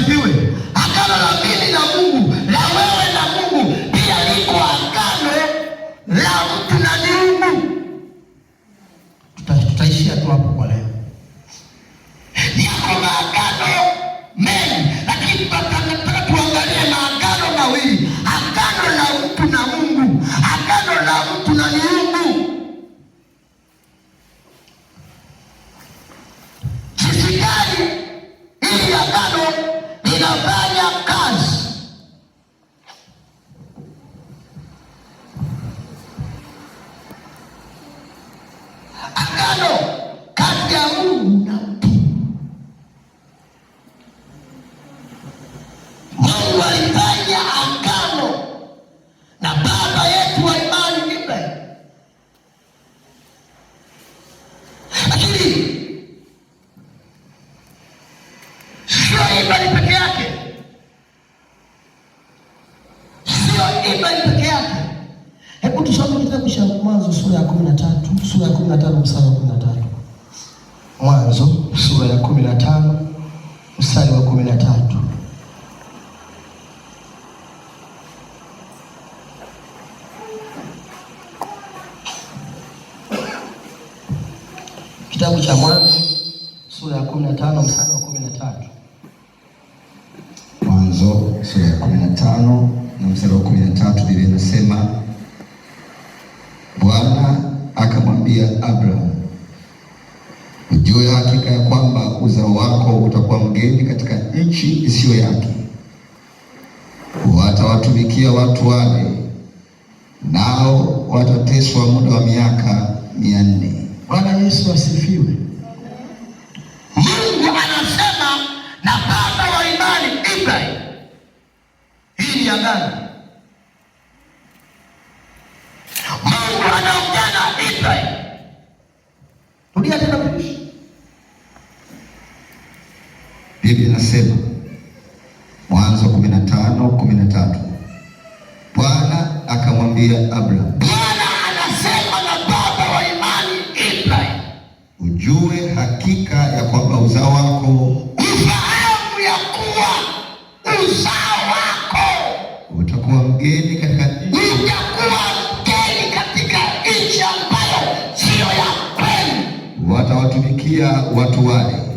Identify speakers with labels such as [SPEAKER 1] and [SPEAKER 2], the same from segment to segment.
[SPEAKER 1] asifiwe. Agano la mimi na Mungu, la wewe na Mungu, pia liko agano la mtu na Mungu. Tutaishia tu hapo kwa leo. Niko na agano mengi, lakini tunataka tuangalie maagano mawili, agano la mtu na Mungu, agano la mtu na Mungu. Sisi gani ili agano sura ya kumi na tatu sura ya kumi na tano mstari wa kumi na tatu
[SPEAKER 2] Mwanzo sura ya kumi na tano mstari wa kumi na tano juu ya hakika ya kwamba uzao wako utakuwa mgeni katika nchi isiyo yake, watawatumikia watu wale, nao watateswa muda wa miaka mia nne.
[SPEAKER 1] Bwana Yesu asifiwe. Mungu anasema na baba wa imani Ibrahim, hii ni agano Mungu anaongea
[SPEAKER 2] Biblia inasema Mwanzo kumi na tano kumi na tatu Bwana akamwambia Abraham,
[SPEAKER 1] Bwana anasema na baba wa imani Ibrahim,
[SPEAKER 2] ujue hakika ya kwamba uzao wako,
[SPEAKER 1] ufahamu ya kuwa uzao wako
[SPEAKER 2] utakuwa mgeni katika
[SPEAKER 1] utakuwa mgeni katika nchi ambayo siyo ya kwenu,
[SPEAKER 2] watawatumikia watu wale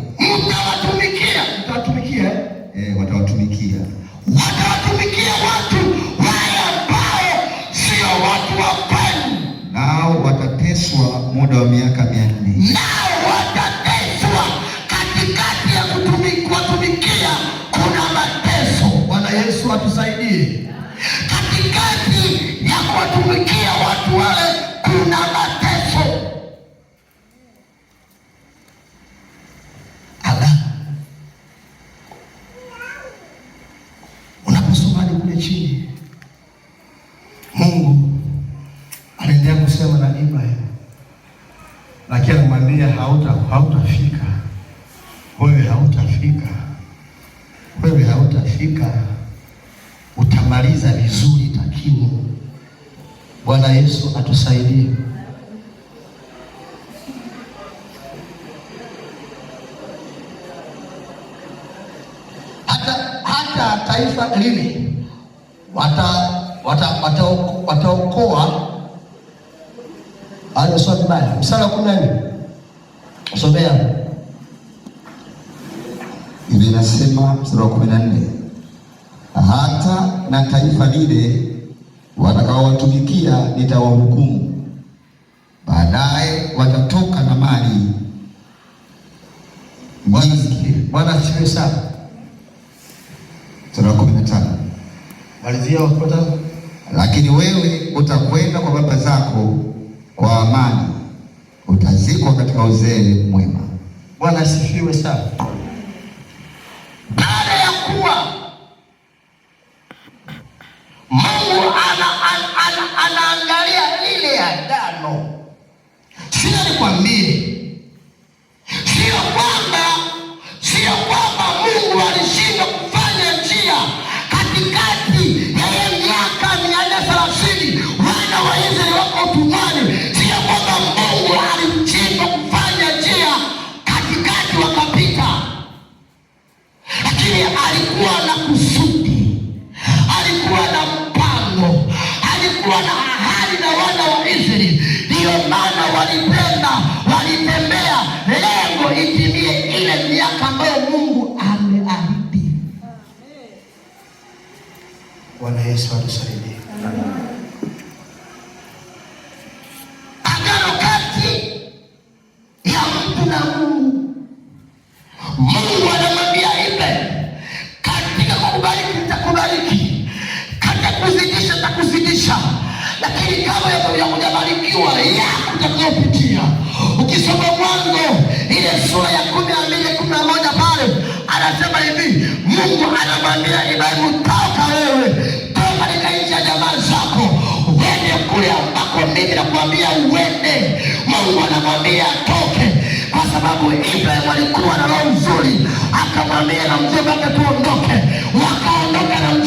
[SPEAKER 2] anakwambia hauta hautafika wewe, hautafika wewe, hautafika utamaliza vizuri, takimu Bwana Yesu atusaidie.
[SPEAKER 1] Hata hata taifa lile wata wataokoa wata, wata, wata, wata, wata, wata, wata, wata, wata, wata, wata, wata, wata, wata, wata, wata, wata, Somea
[SPEAKER 2] vinasema mstari wa kumi na nne hata na taifa lile watakaowatumikia nitawahukumu, baadaye watatoka na mali.
[SPEAKER 1] Bwana asifiwe sana.
[SPEAKER 2] Sura kumi na tano malizia lakini wewe utakwenda kwa baba zako kwa amani utazikwa katika uzee mwema.
[SPEAKER 1] Bwana asifiwe sana. Baada ya kuwa Mungu anaangalia ana, ana, ana ile agano, sio mbili, sio kwamba Bwana Yesu atusaidie. Agano kati ya mtu na Mungu. Mungu anamwambia Ibrahimu, katika kukubariki nitakubariki, katika kuzidisha nitakuzidisha, lakini kama kujabarikiwa ya kutakayopitia. Ukisoma Mwanzo ile sura ya kumi na mbili kumi na moja pale anasema hivi, Mungu anamwambia Ibrahimu hivi nakwambia uende, Mungu anamwambia toke, kwa sababu Ibrahimu alikuwa na roho nzuri, akamwambia na mzee wake tuondoke, wakaondoka na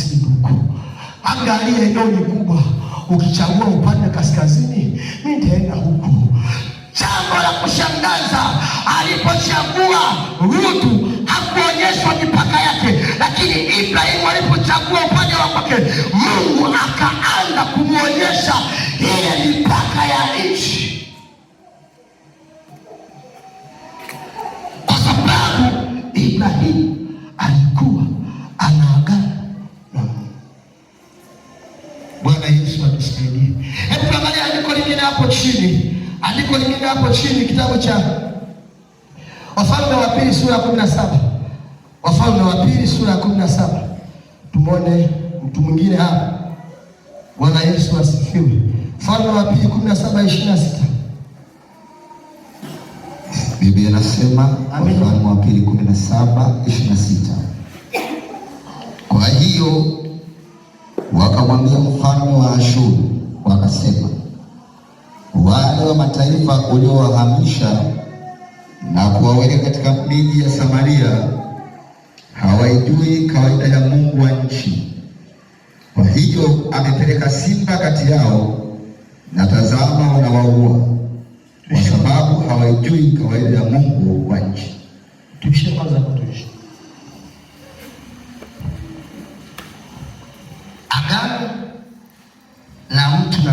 [SPEAKER 1] Facebook. Angalia eneo ni kubwa, ukichagua upande kaskazini, mi nitaenda huku. Jambo la kushangaza, alipochagua Rutu hakuonyeshwa mipaka yake, lakini Ibrahimu alipochagua upande wa kwake, Mungu akaanza kumwonyesha ile mipaka ya nchi. atusaidie. Hebu tuangalia andiko lingine hapo chini, andiko lingine hapo chini, kitabu cha Wafalme wa Pili sura ya kumi na saba Wafalme wa Pili sura ya kumi na saba tumwone mtu mwingine hapa. Bwana Yesu asifiwe. Wafalme wa Pili kumi na saba ishirini na sita
[SPEAKER 2] Biblia inasema, Wafalme wa Pili kumi na saba ishirini na sita wakamwambia mfalme wa Ashuru wakasema, wale wa mataifa uliowahamisha na kuwaweka katika miji ya Samaria hawaijui kawaida ya Mungu wa nchi. Kwa hiyo amepeleka simba kati yao, na tazama, wanawaua kwa sababu hawaijui kawaida ya Mungu wa nchi.
[SPEAKER 1] Tuishe kwanza mwanadamu na mtu na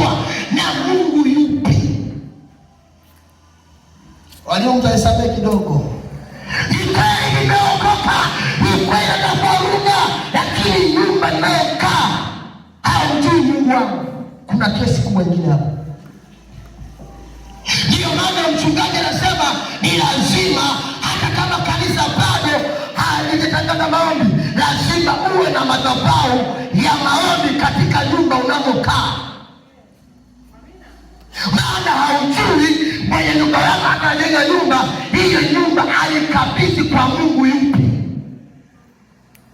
[SPEAKER 1] kutajwa na Mungu yupi? Waliomtahesabia kidogo, ikweli imeokoka, ikweli anafaruga, lakini nyumba inayokaa haujui Mungu wangu. Kuna kesi kubwa ingine hapo. Ndiyo maana mchungaji anasema ni lazima, hata kama kanisa bado halijatangaza maombi, lazima uwe na madhabahu ya maombi katika nyumba unamokaa haujui mwenye nyumba yako akajenga nyumba hiyo, nyumba haikabidhi kwa Mungu yupi.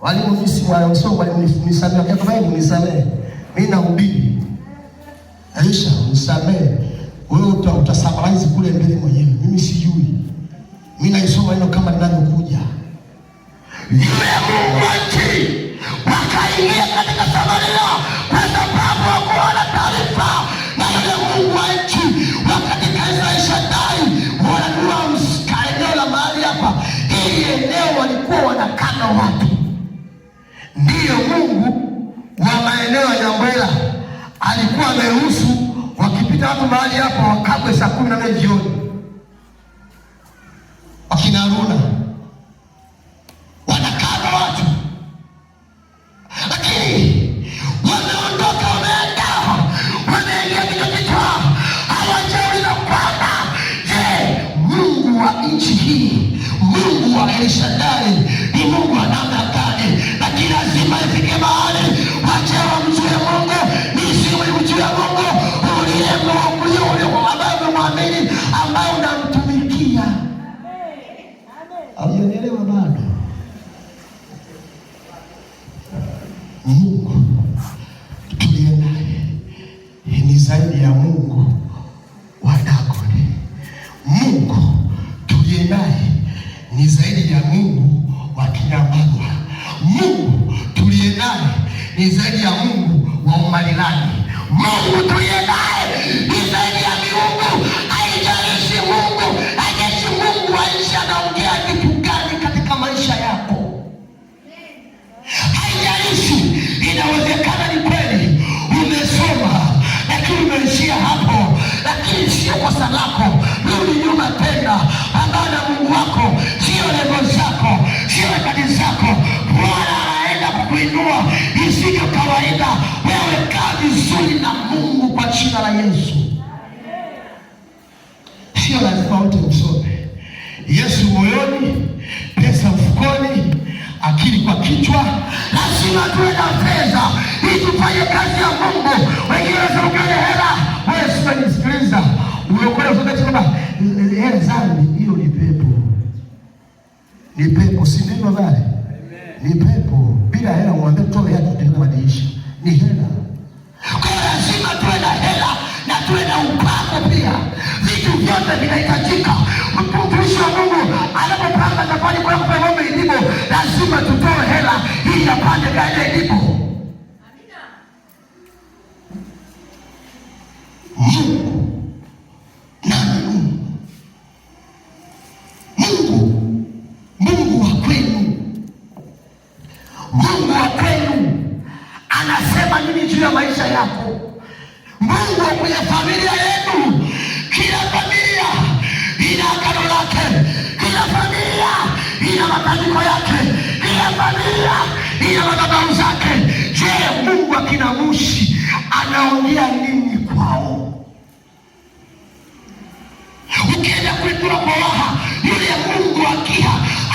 [SPEAKER 1] Walimu sisi wanaosoma walinisamehe, kwa sababu nisamehe mimi na Aisha, nisamehe wewe, utasamalizi kule mbele mwenyewe, mimi sijui, mimi naisoma hilo kama linavyokuja. Yule Mungu wakaingia katika Samaria kwa sababu kuona eneo walikuwa wanakana watu, ndiyo Mungu wa maeneo ya Nyambwera alikuwa ameruhusu wakipita watu mahali hapo wakabwe saa kumi na nne jioni wakinaruna Mungu tuliye naye ni zaidi ya Mungu wa Dagoni. Mungu tuliye naye ni zaidi ya Mungu wa Kinyamakwa. Mungu tuliye naye ni zaidi ya Mungu wa Umalilani. Mungu tuliye naye Bwana anaenda kukuinua isivyo kawaida. Wewe kaa vizuri na Mungu kwa jina la Yesu. Sio lazima wote usome, Yesu moyoni, pesa mfukoni, akili kwa kichwa. Lazima tuwe na fedha ili tufanye kazi ya Mungu. Wengine wanasemekana hela, wewe sikunisikiliza, umekwenda kusema kwamba hela zangu, hiyo ni pepo, ni pepo, si neno bali ni pepo. Bila hela mwambie toa yako tutengeneze madirisha, ni hela. Kwa lazima tuwe na hela na tuwe na upako pia, vitu vyote vinahitajika. Mtumishi wa Mungu anapopanga safari kwenda kwa ng'ombe Edibo, lazima tutoe hela ili apande gari Edibo. Amina. kwenye familia yenu. Kila familia ina agano lake, kila familia ina mataliko yake, kila familia ina madhabahu zake. Je, Mungu akina Mushi anaongea nini kwao? Ukienda kulikula kwa Waha, yule Mungu akiha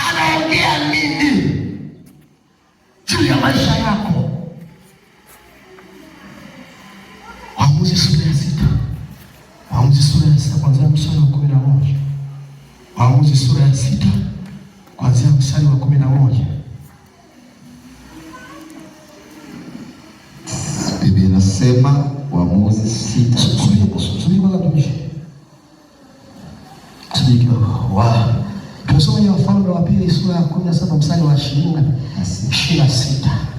[SPEAKER 1] anaongea nini juu ya maisha Mwanzo sura ya sita kuanzia mstari wa kumi na moja
[SPEAKER 2] Biblia inasema Waamuzi sita
[SPEAKER 1] tumesoma Wafalme wa pili sura ya kumi na saba mstari wa ishirini na sita